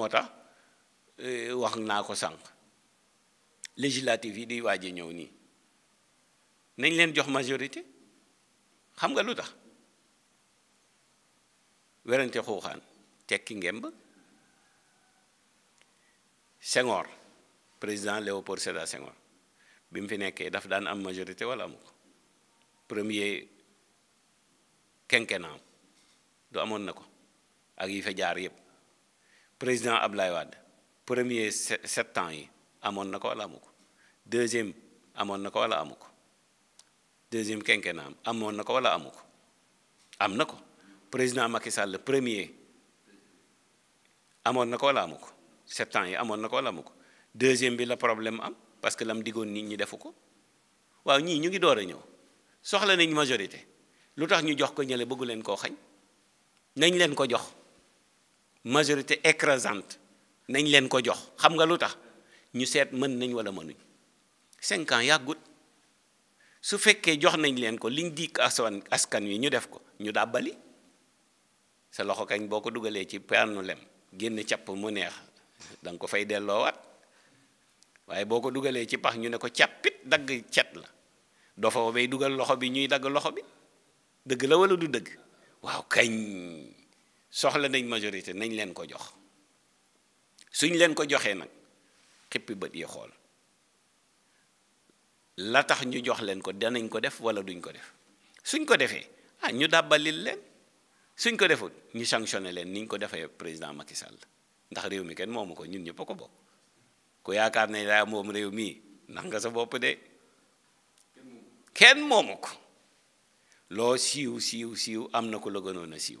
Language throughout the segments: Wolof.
moo tax eh, wax naa ko sànq législative yi di waaj a ñëw nii nañ leen jox majorité xam nga lu tax werante xuuxaan tekki ngemb Senghor président Léopold Sédar Senghor bi mu fi nekkee daf daan am majorité wala amu ko premier quinquennat du amoon na ko ak yi fa jaar yëpp président Ablaye Wade premier sept ans yi amoon wala amuko deuxième amon na ko wala amuko deuxième quinquennat amon amoon ko wala amuko am nako? président Macky premier amon na ko wala amuko sept ans yi ko wala amuko deuxième bi la problème am parce que lam digon nit ñi defuko ko waaw ñi ñu ngi doora ñew soxla nañ majorité lutax ñu jox ko ñele bëggu leen koo xañ nañ leen ko jox majorité écrasante nañ leen ko jox xam nga lu tax ñu seet mën nañ wala mënuñ cinquant yàggut su fekkee jox nañ leen ko liñ di aswan askan wi ñu def ko ñu dàbbali sa loxo kañ boo ko dugalee ci paanu lem génn capp mu neex da ko fay delloowaat waaye boo ko dugalee ci pax ñu ne ko càppit dagg cet la dofoo bay dugal loxo bi ñuy dagg loxo bi dëgg la wala du dëgg waaw kañ soxla nañ majorité nañ leen ko jox suñ leen ko joxee nag xippi bët yi xool la tax ñu jox leen ko danañ ko def wala duñ ko def suñ ko defee ah ñu dàbbalil leen suñ ko deful ñu sanctionné leen niñ ko defee président Macky Sall ndax réew mi kenn moomu ko ñun ñëpp a ko bokk ku yaakaar ne daa moom réew mii ndax nga sa bopp de kenn moomu ko loo siiw siiw siiw am na ko la gënoon a siiw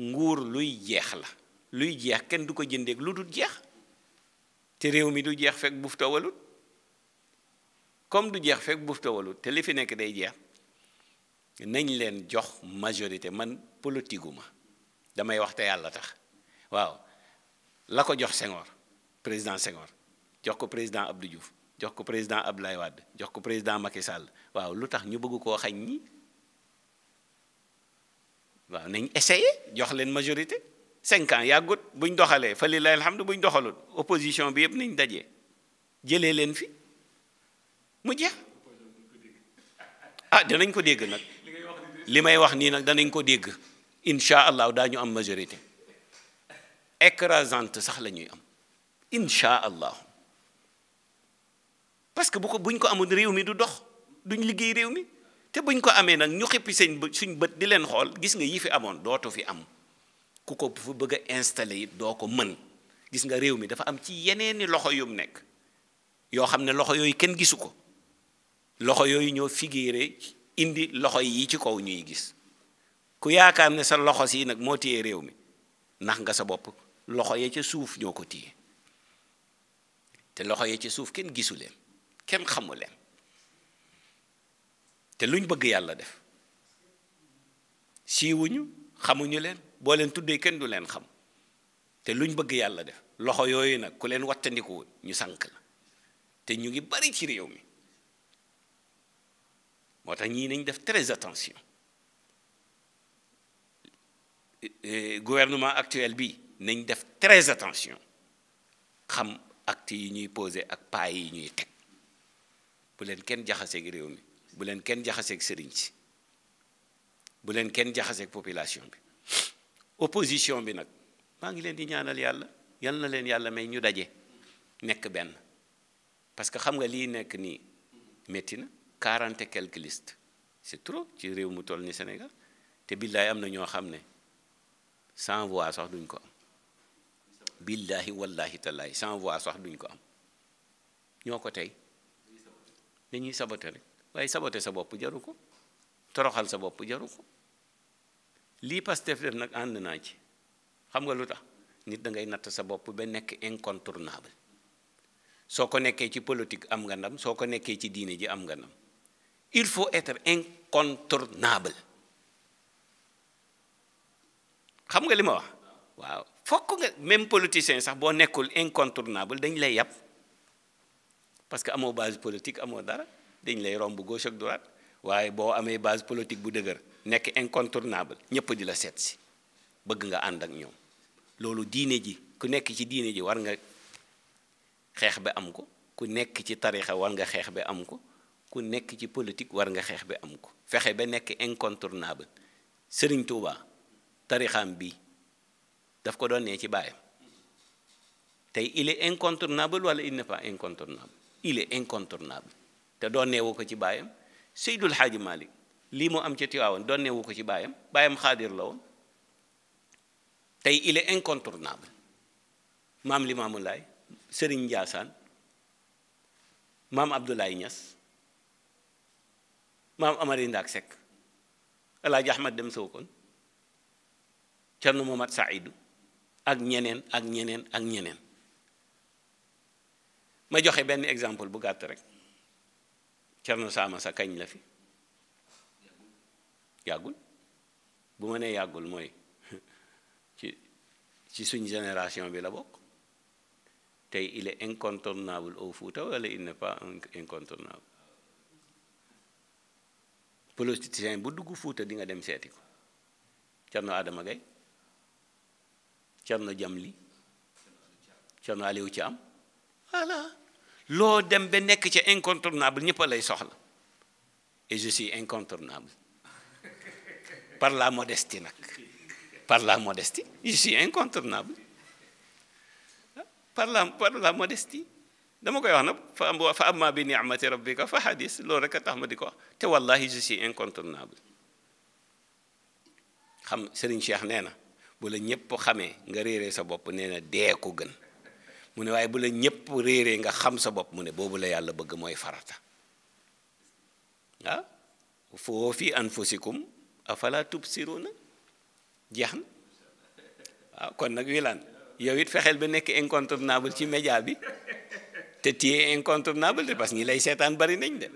nguur luy jeex la luy jeex kenn du ko jëndeeg lu dul jeex te réew mi du jeex fek buuf tawalut comme du jeex fek buuf tawalut te li fi nekk day jeex nañ leen jox majorité man politiguma damay wax te yàlla tax waaw la ko jox Senghor président Senghor jox ko président Abdou Diouf jox ko président Abdoulaye Wade jox ko président Macky Sall waaw lutax ñu bëgg koo xañ ñi waaw nañ essayé jox leen majorité cinq ans yàggut buñ doxalee fa lillahi alhamdu buñ doxalut opposition bi yëpp nañ dajee jëlee leen fi mu jeex ah danañ ko dégg nag li may wax nii nag danañ ko dégg incha allahu daañu am majorité écrasante sax la ñuy am incha allahu que bu ko buñ ko amoon réew mi du dox duñ liggéey réew mi te buñ ko amee nag ñu xippi seen suñ bët di leen xool gis nga yi fi amoon dootu fi am ku ko fu bëgg a installé it doo ko mën gis nga réew mi dafa am ci yeneeni loxo yum nekk yoo xam ne loxo yooyu kenn gisu ko loxo yooyu ñoo figuré indi loxo yi ci kaw ñuy gis ku yaakaar ne sa loxo si nag moo téye réew mi nax nga sa bopp loxo yee ca suuf ñoo ko téye te loxo ya ca suuf kenn gisu leen kenn xamu leen te luñ bëgg yàlla def siiwuñu xamuñu leen boo leen tuddee kenn du leen xam te luñ bëgg yàlla def loxo yooyu nag ku leen wattandiku ñu sànq la te ñu ngi bari ci réew mi moo tax ñii nañ def très attention eh, eh, gouvernement actuel bi nañ def très attention xam acte yi ñuy poser ak pas yi ñuy teg bu leen kenn jaxasee réew mi bu leen kenn jaxaseek sëriñ si bu leen kenn jaxaseeg population bi opposition bi nag maa ngi leen di ñaanal yàlla yal na leen yàlla may ñu daje nekk benn parce que xam nga lii nekk nii métti na quarante et quelques c'est trop ci réew mu toll ni Sénégal te billaay am na ñoo xam ne sans voix sax duñ ko am billahi wallahi tallahi sans voix sax duñ ko am ñoo ko tey dañuy sabote rek waaye sabote sa bopp jaru ko toroxal sa bopp jaru ko lii Pastef def nag ànd naa ci xam nga lu nit da ngay natt sa incontournable soo ko ci politique am nga ndam soo ko ci diine ji am nga ndam il faut être incontournable xam nga li ma wax waaw fokk nga même politicien sax boo incontournable dañ lay yàpp parce que amo base politique amo dara dañ lay romb gauche ak droite waaye boo amee base politique bu dëgër nekk incontournable ñëpp di la seet si bëgg nga ànd ak ñoom loolu diine ji ku nekk ci diine ji war nga xeex bi am ko ku nekk ci tarixa war nga xeex ba am ko ku nekk ci politique war nga xeex bi am ko fexe ba nekk incontournable Sëriñ Tuuba tarixam bi daf ko doon nee ci baayam tey il est incontournable wala il n'est pas incontournable il est incontournable te dooneewu ko ci baayam Seydul Xaaji Malik lii moo am ca Tiwaawan dooneewu ko ci baayam baayam xaadir la woon tey il est incontournable maam Limaamu Laay Sëriñ Njaasaan maam Abdoulaye Niass maam Amari Ndaak Sekk Alaaji Ahmad Dem Sowkon Cerno Momat Saidu ak ñeneen ak ñeneen ak ñeneen ma joxe benn exemple bu gàtt rek Cerno Saama sa kañ la fi yàggul bu ma nee yàggul mooy ci ci suñ génération bi la bokk tey il est incontournable au Fouta wala il n'est pas incontournable politicien bu dugg fuuta di nga dem seeti ko Cerno Adama Gaye Cerno Jamli Cerno ci am voilà lo dem benek nek ci incontournable ñepp lay soxla et je suis incontournable par la modestie nak. par la modestie je suis incontournable par la par la modestie dama koy wax na fa fa amma bi ni'mati rabbika fa hadis lo rek a tax ma di ko te wallahi je suis incontournable xam Serigne Cheikh neena bu la ñepp xamee nga réeree sa bop neena ko gën mu ne waaye bu la ñépp réeree nga xam sa bopp mu ne boobu la yàlla bëgg mooy farata waaw ah? foo fi anfusikum afala tubsiruna jeex na waaw ah, kon nag wilaan yow it fexeel ba nekk incontournable ci média bi te téye incontournable de parce que ñi lay seetaan bari nañ de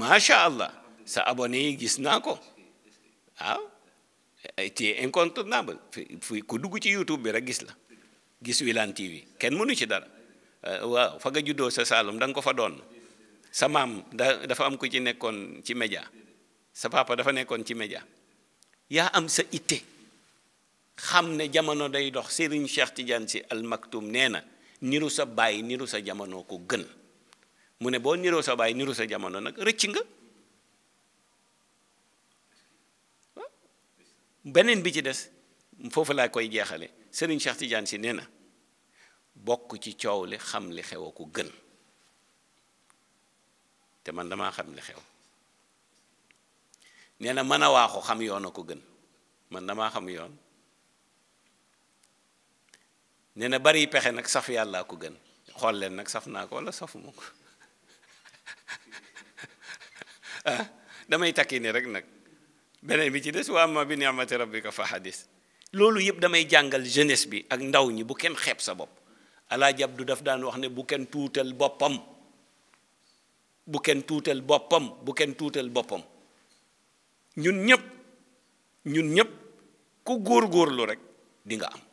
macha allah sa abonné yi gis naa ko waaw ah? téye incontournable fi ku dugg ci YouTube bi rek gis la gis wilan TV ken munu ci dara eh, wa fa ga juddo sa salum dang ko fa don sa mam da dafa am ku ci nekkon ci media sa papa dafa nekkon ci media ya am sa ite, xamne ne jamono day dox Serigne Cheikh Tidiane ci Al Maktoum neena niru sa baay niru sa jamono ko gën nirusa bo niru sa baay niru sa jamono nak recc nga benen bi ci dess fofu la koy jexale Serigne Cheikh Tidiane si nee na bokk ci coow li xam li xew a ko gën te man damaa xam li xew nee na mën a waaxu xam yoon a ko gën man damaa xam yoon nee na bari pexe nag saf yàllaa ko gën xool leen nag saf naa ko wala safuma ko ah, damay takki ni rek nag beneen bi ci des waa amma bi ni'mati rabbika fa hadis loolu yëpp damay jàngal jeunesse bi ak ndaw ñi bu kenn xeeb sa bopp Alaaji du daf daan wax ne bu kenn tuutal boppam bu kenn tuutal boppam bu kenn tuutal boppam ñun ñëpp ñun ñëpp ku góor góorlu rek dinga am